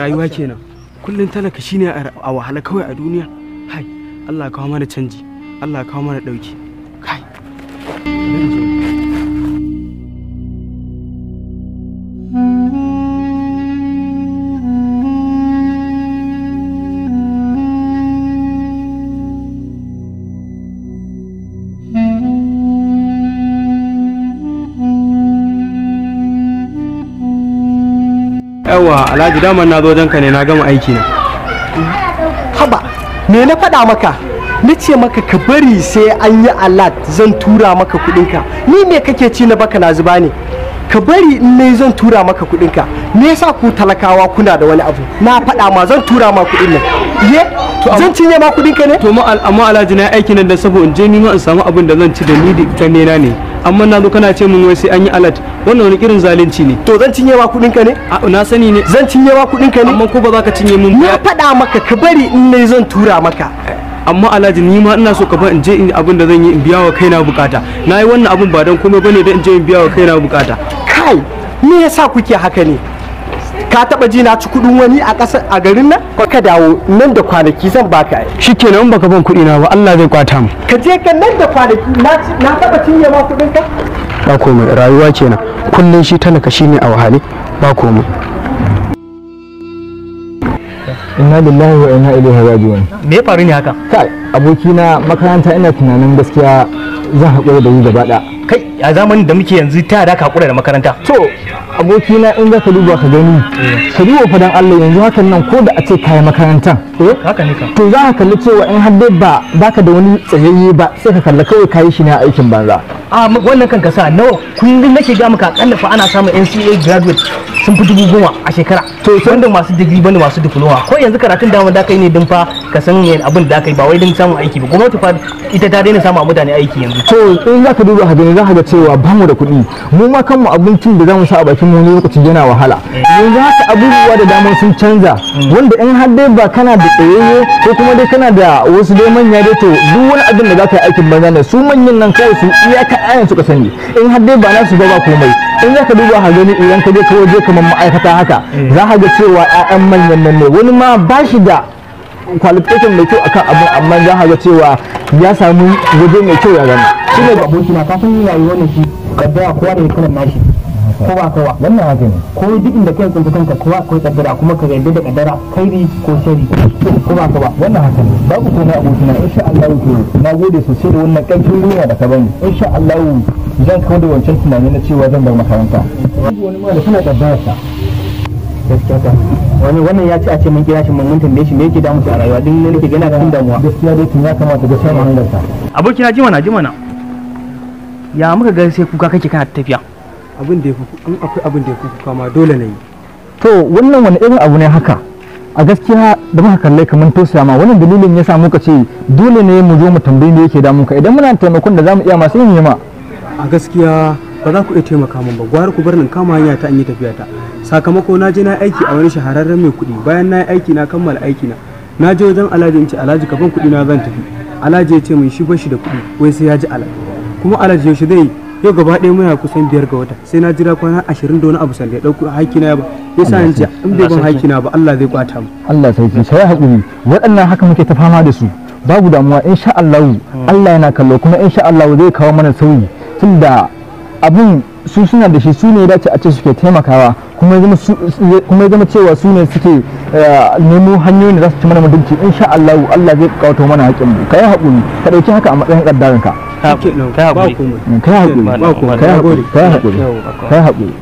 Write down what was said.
rayuwa kenan kullum talaka shine a wahala kawai a duniya hai Allah kawo mana canji Allah kawo mana dauki kai yawa alhaji daman na zo ka ne na gama aiki na haba me na faɗa maka na ce maka ka bari sai an yi alat zan tura maka kuɗinka ni me kake ci na baka na zuba ne ka bari in ne zan tura maka kuɗinka me yasa ku talakawa kuna da wani abu na faɗa ma zan tura ma kuɗin nan ye zan cinye ma kuɗinka ne to amma alhaji na aiki nan da saboda in je ni ma in samu abin da zan ci da ni da ne na ne amma na zo kana ce mun wai sai an yi alat wannan wani irin zalunci ne to zan cinye ma kuɗin ka ne na sani ne zan cinye ma kuɗin ka ne amma ko ba za ka cinye mun na faɗa maka ka bari in ne zan tura maka amma alhaji ni ma ina so ka in je in abin da zan yi in biya wa kaina bukata na yi wannan abin ba dan komai bane da in je in biya wa kaina bukata kai me yasa kuke haka ne ka taba ji na ci kudin wani a ƙasa a garin nan ka dawo nan da kwanaki zan baka shikenan baka ban kudi na ba Allah zai kwata mu ka je ka nan da kwanaki na na taba cinye ma kudin ka ba komai rayuwa kenan kullun shi talaka shine a wahale ba komai inna lillahi wa inna ilaihi raji'un me ya faru ne haka kai abokina makaranta ina tunanin gaskiya zan haƙura da yi gaba kai a zamanin da muke yanzu ta da ka haƙura da makaranta to abokina in zaka ka duba ka gani ka duba fa dan Allah yanzu hakan nan ko da a ce kayi eh? ka to za ka kalli cewa in har ba baka da wani tsayayye ba sai ka kalla kawai kayi shi ne a aikin banza a wannan kan kasa nawa kullum nake ga maka akalla fa ana samun NCA graduate sun fi dubu goma a shekara to wanda masu digiri bane masu diploma ko yanzu karatun dama da kai ne din fa ka san me abin da kai ba wai din samun aiki ba gwamnati fa ita ta daina samun mutane aiki yanzu to in za ka duba hadin za ka ga cewa ba mu da kuɗi mu ma kanmu abincin da zamu sa a bakin mu ne lokacin yana wahala eh. yanzu haka abubuwa da dama sun canza hmm. wanda in har dai ba kana da tsayayye ko kuma dai kana da wasu dai manya dai to duk wani abin da za ka yi aikin banza ne su manyan nan kai su iya iyaka ayan suka sani in har dai ba na su gaba komai in ya ka duba har gani idan ka je ka waje kamar ma'aikata haka mm. za ka ga cewa 'ya'yan manyan nan ne wani ma ba shi da qualification mai kyau akan abin amma za ka ga cewa ya samu waje mai kyau ya gani shi ne abokina ka san yayi wannan shi kaddawa kowa da ya kalan nashi kowa kowa wannan haka ne ko duk inda kai tsinci kanka kowa akwai kaddara kuma ka gaida da kaddara kairi ko shari kowa kowa wannan haka ne babu ko na abokina insha Allah ku na gode sosai da wannan kaifin duniya da ka bani insha Allah zan kawo da wancan tunani na cewa zan bar makaranta wani ma da kana kaddararsa gaskiya ta wani wannan ya ce a ce mun kira shi mun tambaye shi me yake damu a rayuwa din ne nake gana cikin damuwa gaskiya dai tun ya kamata ga shan hangarta abokina jima na jima na ya muka ga sai kuka kake kana tafiya abin da ya fi in akwai abin da ya fi kuka dole na yi to wannan wani irin abu ne haka a gaskiya da muka kalle kamar tosiya ma wannan dalilin ya samu ka ce dole ne mu zo mu tambayi me yake damun ka idan muna taimakon da zamu iya ma sai mu ma a gaskiya ba za ku iya taimaka min ba gwara ku bar nan kama hanya ta an yi tafiya ta sakamako na je na aiki a wani shahararren mai kuɗi bayan na yi aiki na kammala aiki na na je wajen alhaji in ce alhaji ka ban kuɗi na zan tafi alhaji ya ce min shi bashi da kuɗi wai sai ya ji alhaji kuma alhaji yaushe zai yau gaba ɗaya muna kusan biyar ga wata sai na jira kwana ashirin da wani abu sanda ya ɗauko haikina ba ya sa in in bai ban hakina ba Allah zai kwata mu Allah ki sai haƙuri waɗannan haka muke ta fama da su babu damuwa insha Allah Allah yana kallo kuma insha Allah zai kawo mana sauyi tunda abin su suna da shi su ne dace a ce suke taimakawa kuma zama cewa su ne suke eh, nemo hanyoyin da za su ci mana mutunci insha Allah Allah zai kawo mana haƙin mu yi haƙuri ka ɗauki haka a matsayin ƙaddarinka kai haƙuri